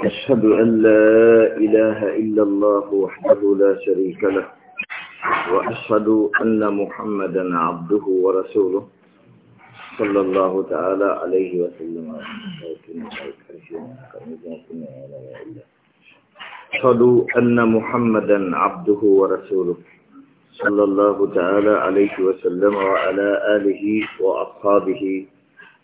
أشهد أن لا إله إلا الله وحده لا شريك له وأشهد أن محمدا عبده ورسوله صلى الله تعالى عليه وسلم أشهد أن محمدا عبده ورسوله صلى الله تعالى عليه وسلم وعلى آله وأصحابه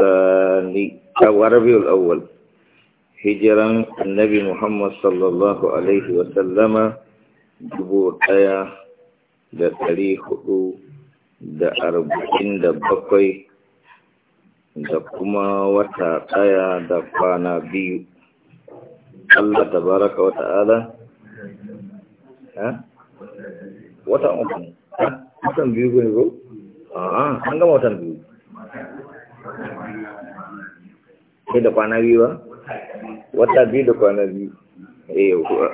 الثاني أو ربيع الأول هجرا النبي محمد صلى الله عليه وسلم جبور da ɗari hudu da arba'in da bakwai da kuma wata ɗaya da kwana biyu Allah ta baraka wa ta'ala sai da kwana biyu ba wata biyu da kwana biyu eh kuwa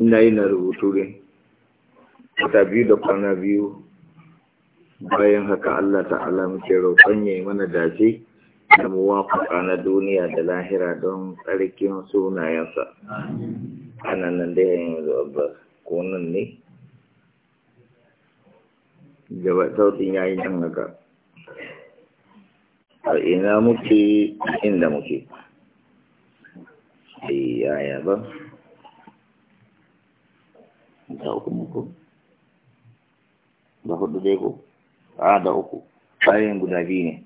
ina yi na rubutu ne wata biyu da kwana biyu bayan haka Allah ta'ala muke roƙon ya yi mana dace da mu muwafaka na duniya da lahira don tsarkin sunayensa ana nan da yayin yanzu abbas ko nan ne gaba sautin yayin nan haka a ina muke inda muke eh, yaya ba da uku muku da hudu dai ku a da uku bayan guda biyu ne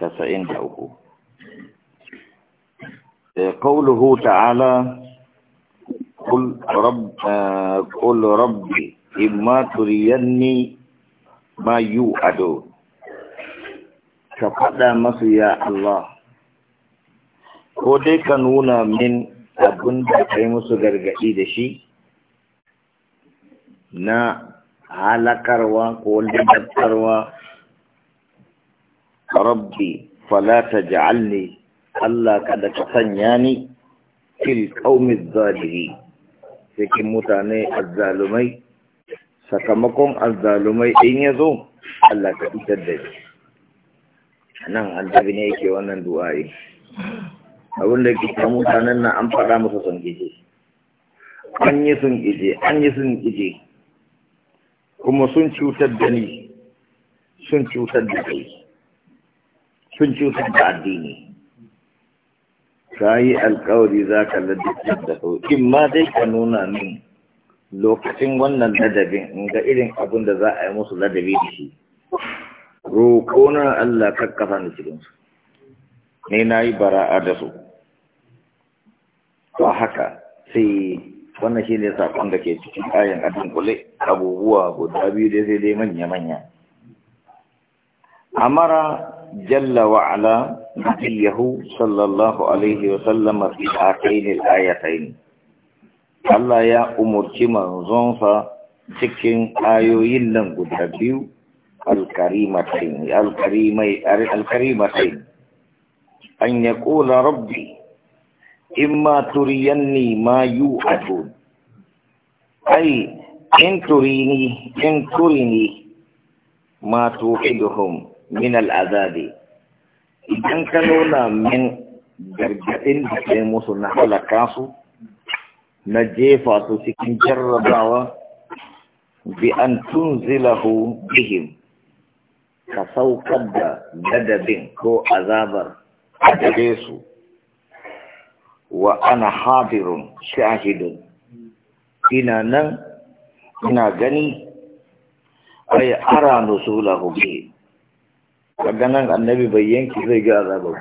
tasa'in da uku قوله تعالى قل رب قل turiyanni ma تريني ما ka faɗa masu ya Allah ko dai ka nuna min abin da ka yi musu gargaɗi da shi na halakarwa ko ladabtarwa rabbi fala ja'alni Allah kada ka sanya ni fil qaumi zalimi cikin mutane azzalumai sakamakon azzalumai in ya zo? Allah ka fitar da shi nan aljabi ne yake wannan du'a'i abin da ke mutanen nan an faɗa musu sun gije an yi sun gije an yi sun gije kuma sun cutar da ni sun cutar da kai sun cutar da addini ka yi alkawari za ka ladabtar da su in ma dai ka nuna min lokacin wannan ladabin in ga irin abin da za a yi musu ladabi da shi roƙo Allah kakkasa ni cikinsu ne na yi bara'a da su ba haka sai wannan shi ne saƙon da ke cikin kayan adin kule abubuwa guda biyu da sai dai manya-manya amara jalla wa'ala yahu sallallahu alaihi wasallama fi akainil ayatain Allah ya umurci manzonsa cikin ayoyin nan guda biyu alkarimatin alkarimai alkarimatin an ya rabbi in ma turiyanni ma yu adun ai in turini in turini ma tuhiduhum min al'azabi idan ka nuna min gargaɗin da ɗaya musu na halaka su na jefa su cikin jarrabawa bi an tun zilahu bihim ka saukar da dadabin ko azabar a gare su wa ana hadirun shahidun ina nan ina gani ai ara nusulahu bi Ka ganin annabi bai yanki zai ga azabar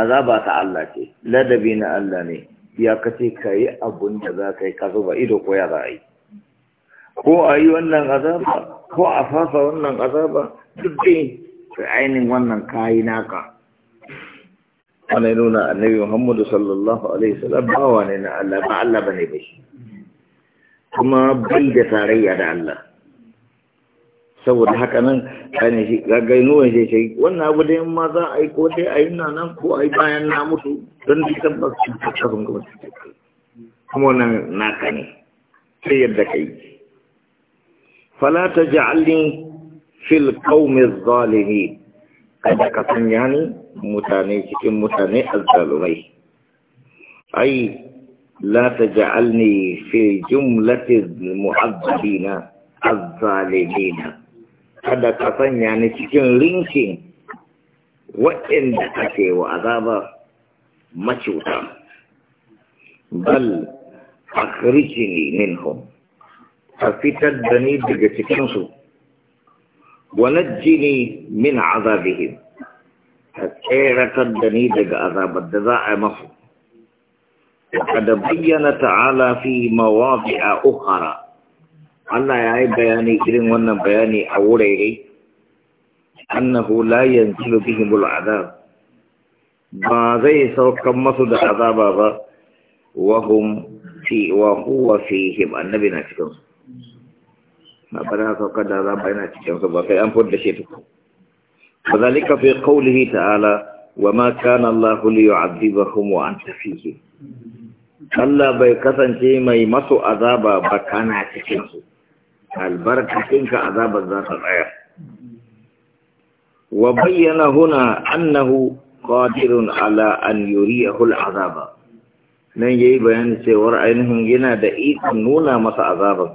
azaba ta Allah ce ladabi na Allah ne ya kace kai abun da za ka yi ka zuba ido ko ya za a yi ko a yi wannan azaba ko a fasa wannan azaba duk dai ainihin wannan kayi naka wani nuna annabi muhammadu sallallahu alaihi wasallam bawa ne na Allah ba Allah bane ba shi kuma bai da tarayya da Allah saboda haka nan kane shi nuwan shi shi wannan abu da ma za a yi ko dai a yi nan ko a yi bayan na mutu don duk tabbas kafin gwamnati kuma wannan naka ne sai yadda ka yi ta تجعلني fil القوم الظالمين kada ka sanya ni mutane cikin mutane azzalumai ai la ta ja'alni fi jumlati mu'azzabina azzalimina kada ka sanya ni cikin rinkin waɗanda ake wa azaba macuta bal akhrijni minhum فتن بني بجتكنسو ونجني من عذابهم فكيرك بني دج عذاب الدزاء مصر وقد بين تعالى في مواضع أخرى الله أي بياني كريم وانا بياني أوليه أنه لا ينزل بهم العذاب بعضي سوكم مصد عذاب وهم في وهو فيهم النبي نفسه ما بلا فقد هذا بين تشمس وفي أنفر دشيته وذلك في قوله تعالى وما كان الله ليعذبهم وأنت فيهم Allah bai kasance mai masu azaba ba kana cikinsu, albarkacinka azaban za ta tsaya. Wa bayyana huna annahu qadirun ala an yuriyahul azaba. Nan yayi bayanin cewar ainihin yana da ikon nuna masa azaban.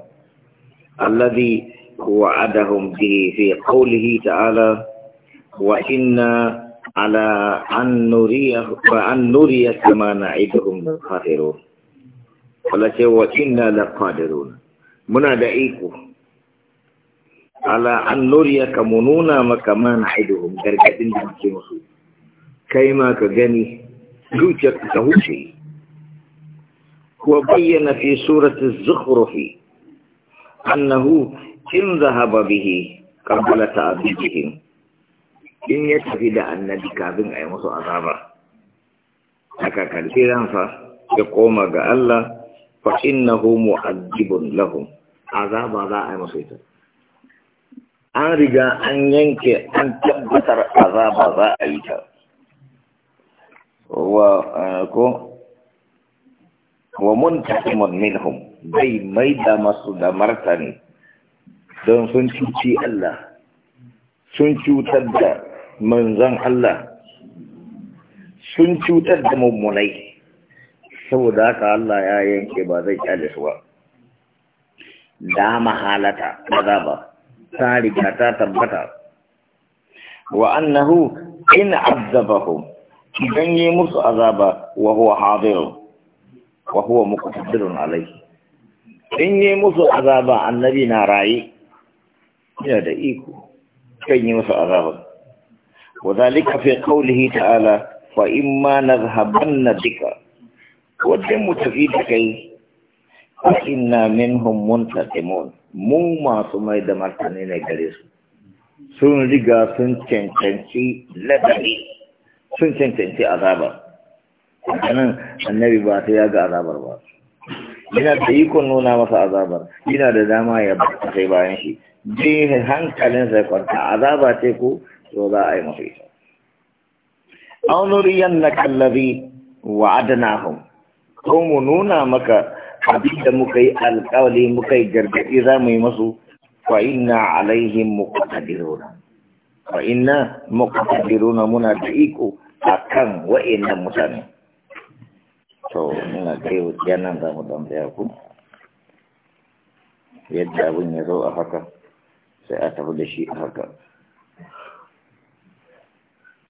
الذي وعدهم به في قوله تعالى وإنا على أن نريه وأن نريك ما نعدهم قادرون ولكن وإنا لقادرون منادئك على أن نريك منونا ما كما نعدهم كركتين جمسوس كيما كجني جوجك كهوشي وبين في سورة الزخرف annahu in zahaba bihi qabla ta'abihim in ya tafi da annabi kafin a yi musu azaba haka karfi ransa ya koma ga Allah fa innahu mu'azzibun lahum azaba za a yi musu ita an riga an yanke an tabbatar azaba za a yi ta wa ko wa muntakimun minhum zai da masu da martani don sun cuci Allah sun cutar da manzan Allah sun cutar da mummunai saboda haka Allah ya yanke ba zai kyale su ba da mahalata ba ta riga ta tabbata wa annahu in azabahu, idan yi musu azaba wa huwa hadir wa huwa muqaddirun alayhi in yi musu azaba annabi na raye yana da iko kan yi musu azaba zalika fi qawlihi ta'ala fa imma nadhhabanna bika wajen mu tafi da kai inna minhum muntaqimun mu masu mai da martani ne gare su sun riga sun cancanci ladari sun cancanci azaba nan annabi ba ta ya azabar ba yana da ikon nuna masa azabar yana da dama ya bata bayan shi jin hankalin sai kwanta azaba ce ko to za a yi masa ita aw wa adana wa'adnahum ko mu nuna maka abin da muka yi alkawali muka yi gargaɗi za mu yi masu fa inna alaihim muqtadiruna fa inna muqtadiruna muna da iko akan wa'annan mutane to ina kai wuciya nan za mu tambaya ku yadda abin ya zo a haka sai a tafi da shi a haka